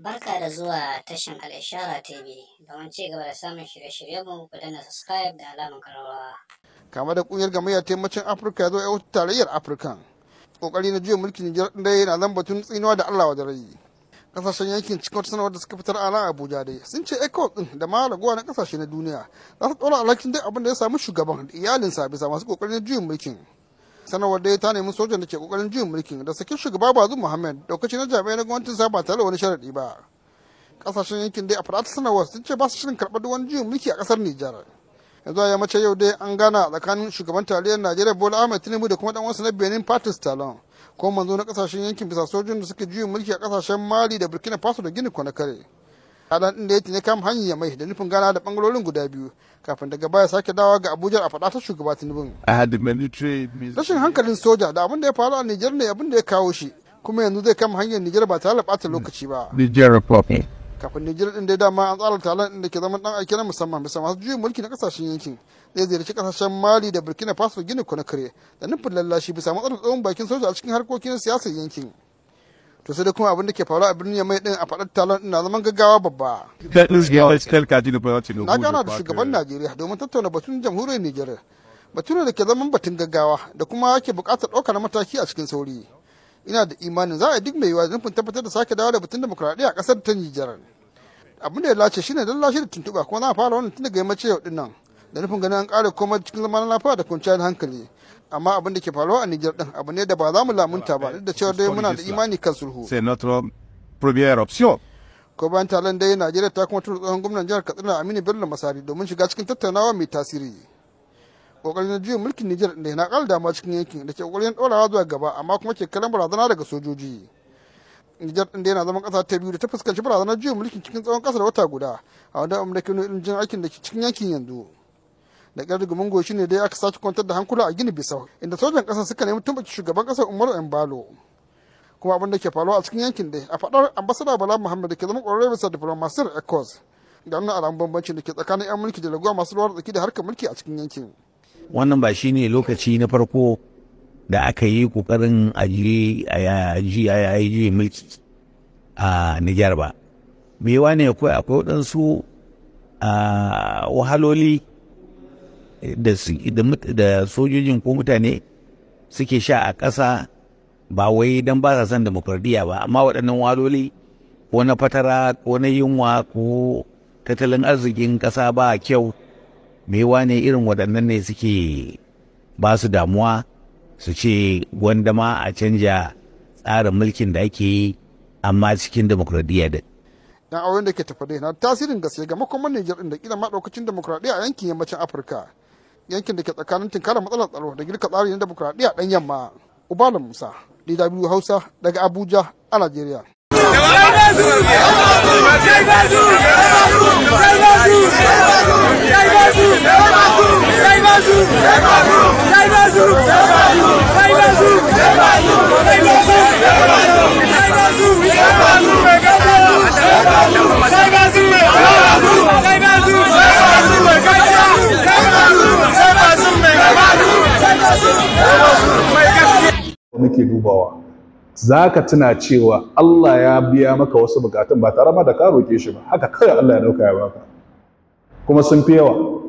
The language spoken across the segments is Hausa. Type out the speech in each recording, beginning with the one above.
Barka da zuwa tashin Al'ishara TV domin ci gaba da samun shirye-shiryenmu ku danna subscribe da alamun karawa. Kama da kungiyar gamayyar taimacin Afirka ya zo ya tarayyar Afirka. Kokari na juya mulkin Nijar dai yana zan batun tsinuwa da Allah wa rai. Kasashen yankin cikin wata sanarwar da suka fitar a Abuja dai sun ce ECOWAS din da ma raguwa na kasashe na duniya za su ɗora alhakin duk abin da ya samu shugaban da iyalinsa bisa masu kokarin juyin mulkin. sanarwar dai ta nemi sojan da ke kokarin juyin mulkin da sakin shugaba bazu muhammad daukaci na jami'ai na gwamnatin sa ba tare da wani sharadi ba kasashen yankin dai a fadata sanarwar sun ce ba su shirin karɓar wani juyin mulki a kasar nijar yanzu ya mace yau dai an gana tsakanin shugaban tarayyar najeriya bola ahmed tinubu da kuma dan wasu na benin patis talon kuma manzo na kasashen yankin bisa sojojin da suke juyin mulki a kasashen mali da burkina faso da gini kare Haɗan ɗin da ya tuni kam hanyar mai da nufin gana da bangarorin guda biyu kafin daga baya sake dawa ga Abuja a faɗa ta shugaba Tinubun. Rashin hankalin soja da abin da ya faru a niger ne abin da ya kawo shi kuma yanzu zai kama hanyar niger ba tare da ɓata lokaci ba. Kafin Nijar ɗin dai dama an tsara talan ɗin da ke zaman ɗan aiki na musamman bisa masu juyin mulki na kasashen yankin zai ziyarci kasashen Mali da Burkina Faso Gini kare da nufin lallashi bisa matsalar tsawon bakin soja a cikin harkokin siyasar yankin. to sai kuma abin da ke faruwa a birnin mai din a faɗar talon ina zaman gaggawa babba. Na gana da shugaban Najeriya domin tattauna batun jamhuriyar Nijar. Batun da ke zaman batun gaggawa da kuma yake buƙatar ɗaukar mataki a cikin sauri. Ina da imanin za a duk mai yiwuwa nufin tabbatar da sake dawo da batun demokuraɗiyya a ƙasar ta Nijar. Abin da ya lace shine don lashe da tuntuɓa kuma za a fara wannan tun daga yammacin yau ɗin da nufin ganin an kare kuma cikin zaman lafiya da kwanciyar hankali amma abin da ke faruwa a Nijar din abu ne da ba za mu lamunta ba duk da cewa dai muna da imani kan sulhu. C'est premier option. Ko bayan taron dai Najeriya ta kuma tura tsohon gwamnan jihar Katsina Aminu Bello Masari domin shiga cikin tattaunawa mai tasiri. Kokarin juyin mulkin Nijar da na ƙara dama cikin yankin da ke kokarin dorawa zuwa gaba amma kuma ke kalan barazana daga sojoji. Nijar ɗin da yana zaman kasa ta biyu da ta fuskanci barazanar juyin mulkin cikin tsawon kasar wata guda a wanda amurka nuna irin jin aikin da ke cikin yankin yanzu. da ƙarfi gumin goshi ne dai aka sake kwantar da hankula a gini bisau inda sojan ƙasar suka nemi tumɓuki shugaban ƙasar umaru embalo kuma abin da ke faruwa a cikin yankin dai a faɗar ambasada bala muhammad da ke zama ƙwararre bisa masir ecos da nuna alamun bambancin da ke tsakanin 'yan mulki da raguwa masu ruwar tsaki da harkar mulki a cikin yankin wannan ba ne lokaci na farko da aka yi kokarin ajiye yaji mulki a Nijar ba. Me yawa ne akwai akwai waɗansu wahaloli da sojojin ko mutane suke sha a ƙasa ba wai don ba sa son demokradiyya ba amma waɗannan waloli ko na fatara ko na yunwa ko tattalin arzikin ƙasa ba kyau mewa ne irin waɗannan ne suke ba su damuwa su ce wanda ma a canja tsarin mulkin da ake yi amma cikin demokradiyya da dan auren da ke tafa na tasirin gaske ga makoman Nijar da kila ma daukacin a yankin yammacin Afirka yankin da ke tsakanin tinkara matsalar tsaro da girka tsarin demokuraɗiyya ɗan yamma ubalan musa dw hausa daga abuja a najeriya za ka tuna cewa Allah ya biya maka wasu bukatun ba tare ma da ka roƙe shi ba haka kawai Allah ya ɗauka ya baka kuma sun fi yawa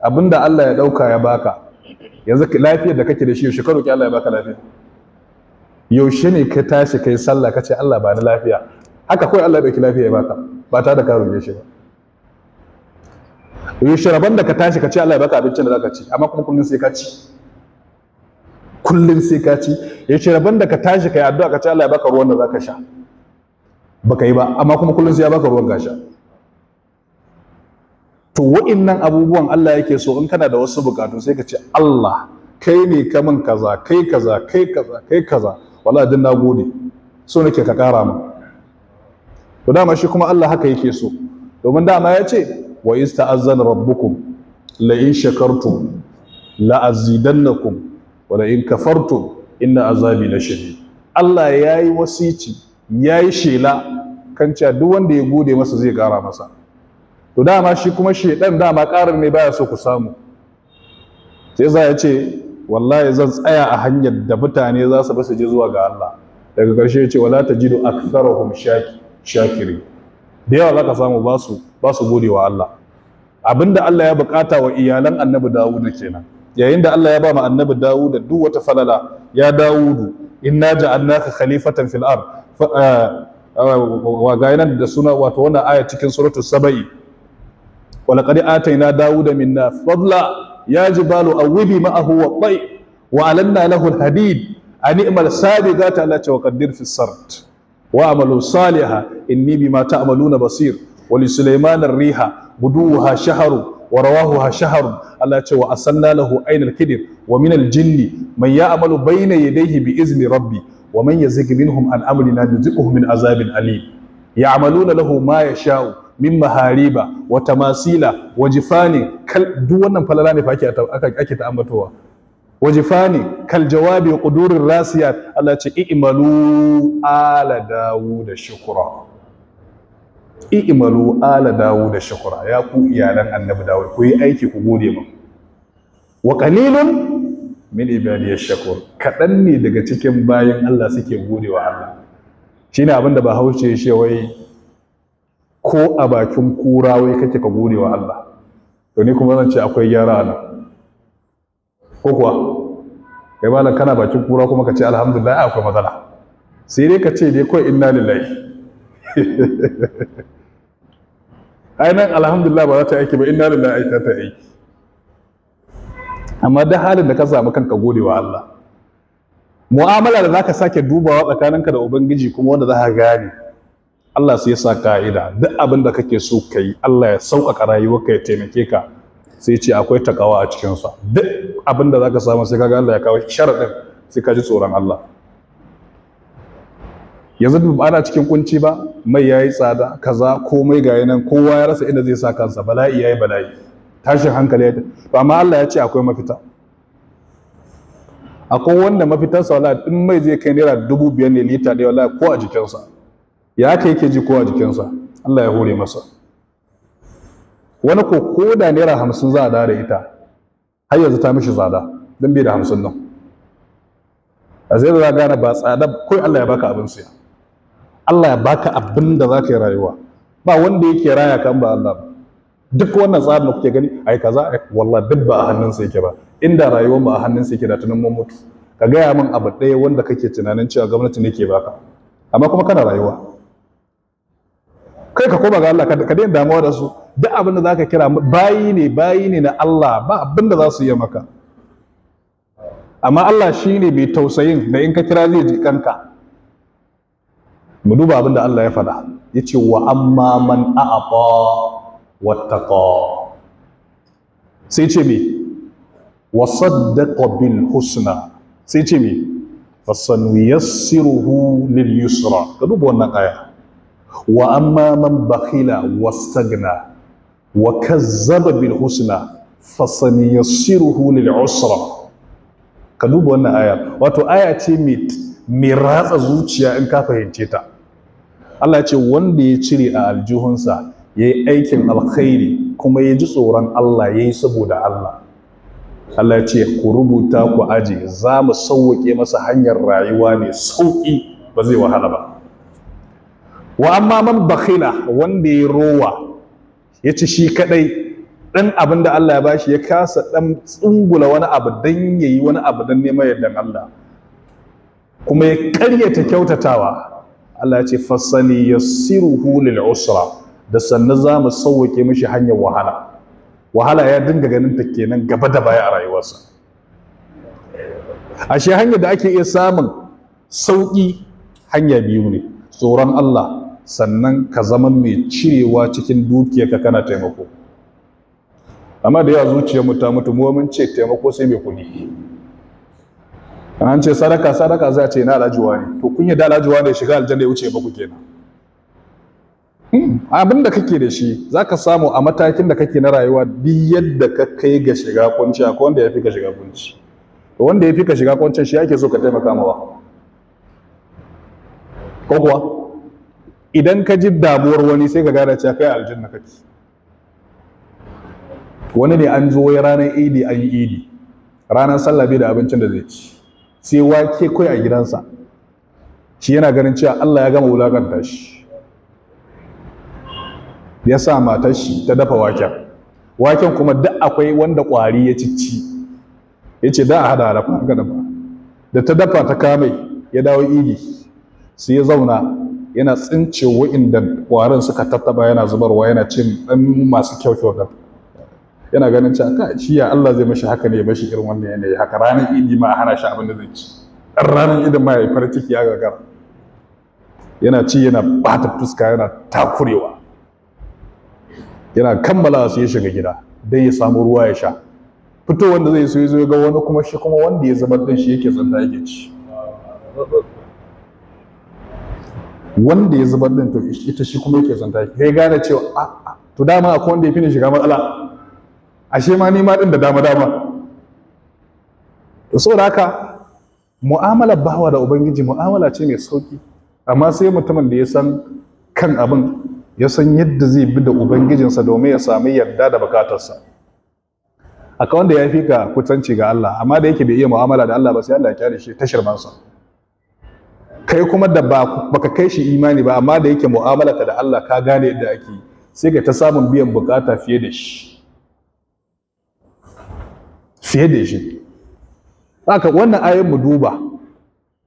abinda Allah ya ɗauka ya baka yanzu lafiyar da kake da shi yaushe ka roƙi Allah ya baka lafiya yaushe ne ka tashi kai sallah ka ce Allah ba ni lafiya haka kawai Allah ya ɗauki lafiya ya baka ba tare da ka roƙe shi ba yaushe rabon da ka tashi ka ce Allah ya baka abincin da za ka ci amma kuma kullum sai ka ci kullum sai ka ci ya ce rabin da ka tashi ka yi addu'a ka ci Allah ya baka ruwan da za ka sha ba yi ba amma kuma kullum sai ya baka ruwan ka sha to wa'innan abubuwan Allah yake so in kana da wasu bukatu sai ka ce Allah kai ne ka min kaza kai kaza kai kaza kai kaza wallahi din nagode so nake ka kara min to dama shi kuma Allah haka yake so domin dama ya ce wa ista'azzana rabbukum la in shakartum la azidannakum wala in kafartum inna azabi la shadid Allah yayi wasici yayi shela kan cewa duk wanda ya gode masa zai kara masa to dama shi kuma shedan dama karar ne baya so ku samu sai za ya ce wallahi zan tsaya a hanyar da mutane za su bi su je zuwa ga Allah daga karshe ya ce wala tajidu aktharahum shaki shakiri da yawa zaka samu ba su ba su gode wa Allah abinda Allah ya bukata wa iyalan Annabi Dawud kenan yayin da Allah ya ba mu annabi Dawud duk wata falala ya Dawudu inna ja'alnaka khalifatan fil ard eh, eh, wa ga da suna wato wannan aya cikin suratu saba'i wa laqad atayna Dawuda minna fadla ya jibalu awbi ma'ahu wa tay wa alanna lahu al-hadid an ni'mal sabiqata allati wa qaddir fi sart wa amalu salihan inni bima ta'maluna basir wa li sulaiman riha buduha shahru wa rawahu shahrun Allah ya ce wa asanna lahu ainal kidir wa min al jinni man ya'malu bayna yadayhi bi izni rabbi wa man yazig minhum an amrina nuziquhu min azabin alim ya'maluna lahu ma yasha'u min mahariba wa tamasila wa jifani duk wannan falala ne fa ake ake ta ambatowa wajifani kal jawabi qudurir rasiyat Allah ya ce i'malu ala dawud shukra i'malu ala dawud shukra ya ku iyalan annabi dawud ku yi aiki ku gode min wa qalilun min ibadi shakur kadan ne daga cikin bayan Allah suke godewa Allah shine abin da ba haushe shi wai ko a bakin kura wai kake ka godewa Allah to ni kuma zan ce akwai gyara nan ko kuwa kai malam kana bakin kura kuma ka ce alhamdulillah akwai matsala sai dai ka ce dai kawai inna lillahi ainihin alhamdulillah ba za ta aiki ba inna lillahi aita ta aiki amma da halin da ka samu kanka gode wa Allah mu'amala da zaka sake dubawa tsakaninka da ubangiji kuma wanda za ka gane Allah sai ya sa ka'ida duk abin da kake so ka yi Allah ya sauƙaƙa rayuwarka ya taimake ka sai ce akwai takawa a cikinsa duk abin da zaka samu sai kaga Allah ya kawo sharaɗin sai ka ji tsoron Allah yanzu ba ana cikin kunci ba mai yayi tsada kaza komai ga yanan kowa ya rasa inda zai sa kansa bala'i yayi bala'i tashin hankali ya to amma Allah ya ce akwai mafita akwai wanda mafitar sa wallahi din mai zai kai naira dubu biyar ne lita ɗaya wallahi ko a jikinsa ya kai yake ji ko a jikinsa Allah ya hore masa wani ko ko da naira hamsin za a dare da ita har yanzu ta mishi tsada don bai da hamsin nan a zai za gane ba tsada kawai Allah ya baka abin siya Allah ya baka abin da za ka yi rayuwa ba wanda yake raya kan ba Allah ba duk wannan tsarin da kuke gani ai kaza wallahi duk ba a hannunsa yake ba inda rayuwar ba a hannunsa yake da tunan mun mutu ka gaya min abu ɗaya wanda kake tunanin cewa gwamnati ne ke baka amma kuma kana rayuwa kai ka koma ga Allah ka daina damuwa da su duk abin da za ka kira bayi ne bayi ne na Allah ba abin da za su yi maka amma Allah shine ne mai tausayin da in ka kira zai ji kanka mu duba abinda Allah ya fada yace wa amma man a'ata wattaqa sai ce me wa saddaqa bil husna sai ce me fasanuyassiruhu lil yusra ka duba wannan aya wa amma man bakhila wastagna wa kazzaba bil husna fasanuyassiruhu lil usra ka duba wannan aya wato aya ce mai ratsa zuciya in ka fahimce ta Allah ya ce wanda ya cire a aljihunsa ya yi aikin alkhairi kuma ya ji tsoron Allah ya yi saboda Allah Allah ya ce ku rubuta ku aji za mu sauwaƙe masa hanyar rayuwa mai sauƙi ba zai wahala ba wa amma man bakhila wanda ya rowa ya ci shi kaɗai ɗan abin da Allah ya bashi ya kasa ɗan tsungula wani abu dan yayi wani abu dan neman yardan Allah kuma ya ƙaryata kyautatawa Allah ya ce fasani yassiruhu lil usra da sannan za mu sauwake mishi hanyar wahala wahala ya dinga ganin ta kenan gaba da baya a rayuwarsa ashe hanyar da ake iya samun sauƙi hanya biyu ne tsoron Allah sannan ka zama mai cirewa cikin dukiyarka kana taimako amma da ya zuciyar mu ta mutu mu ce taimako sai mai kuɗi an ce sadaka sadaka za a ce na alajuwa ne to kun da alajuwa ne shiga aljanna ya wuce ba ku kenan hmm, abin da kake da shi za ka samu a matakin da kake na rayuwa duk yadda ka kai ga shiga kunci akwai wanda ya fi ka shiga kunci to wanda ya fi ka shiga kuncin shi ake so ka taimaka mawa ko kuwa idan ka ji damuwar wani sai ka gane cewa kai aljanna kake wani ne an zo ya ranar idi an yi idi ranar sallah da abincin da zai ci sai wake kai a gidansa shi yana ganin cewa Allah ya gama wulakanta shi ya sa matar shi ta dafa waken waken kuma duk akwai wanda ƙwari ya cicci ya ce da a hada hada kuma dafa da ta dafa ta kame ya dawo iri sai ya zauna yana tsince wa'inda ƙwarin suka tattaba yana zubarwa yana cin ɗan masu kyau kyau yana ganin cewa ka shi ya Allah zai mashi haka ne ya bashi irin wannan yanayi haka ranar idi ma hana shi abin da zai ci dan ranar idi ma ya fara ciki ya gagara yana ci yana bata fuska yana takurewa yana kammala su ya shiga gida dan ya samu ruwa ya sha fito wanda zai so ya zo ga wani kuma shi kuma wanda ya zama din shi yake zanta yake ci wanda ya zubar din to ita shi kuma yake zanta kai gane cewa a to dama akwai wanda ya fi shiga matsala ashe ma nima din da dama dama to saboda haka mu'amalar bawa da ubangiji mu'amala ce mai sauki amma sai mutumin da ya san kan abin ya san yadda zai bi da ubangijinsa domin ya sami yarda da bukatarsa akwai wanda ya fi ka kutanci ga Allah amma da yake bai iya mu'amala da Allah ba sai Allah ya kyale shi ta shirmansa kai kuma da ba baka kai shi imani ba amma da yake mu'amala ta da Allah ka gane yadda ake sai ka ta samun biyan bukata fiye da shi fiye da shi haka wannan ayan mu duba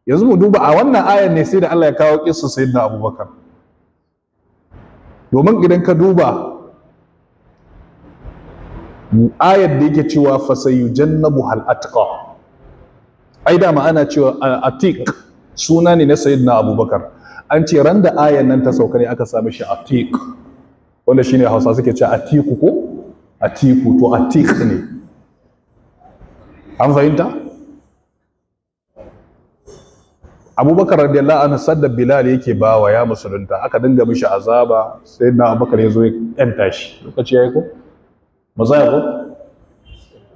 yanzu mu duba a wannan ayan ne sai da Allah ya kawo kissu sayyidina Abubakar domin idan ka duba ayar da yake cewa jannabu hal atqa ai da ana cewa atiq suna ne na sayyidina Abubakar an ce ran da ayan nan ta sauka ne aka sami shi atiq wanda shine Hausa suke cewa atiku ko atiku to atiq ne an fahimta abubakar radiyallahu anhu sadda bilal yake bawa ya musulunta aka dinga mishi azaba sai na abubakar ya zo ya kanta shi lokaci yayi ko maza ya ko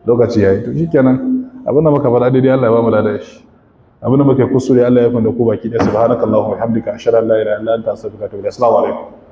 lokaci yayi to shikenan abin da muka faɗa daidai Allah ya ba mu ladan shi abin da muka kusure Allah ya fanda ku baki da subhanakallahumma wa bihamdika ashhadu an la ilaha illa anta astaghfiruka wa atubu ilaik assalamu alaikum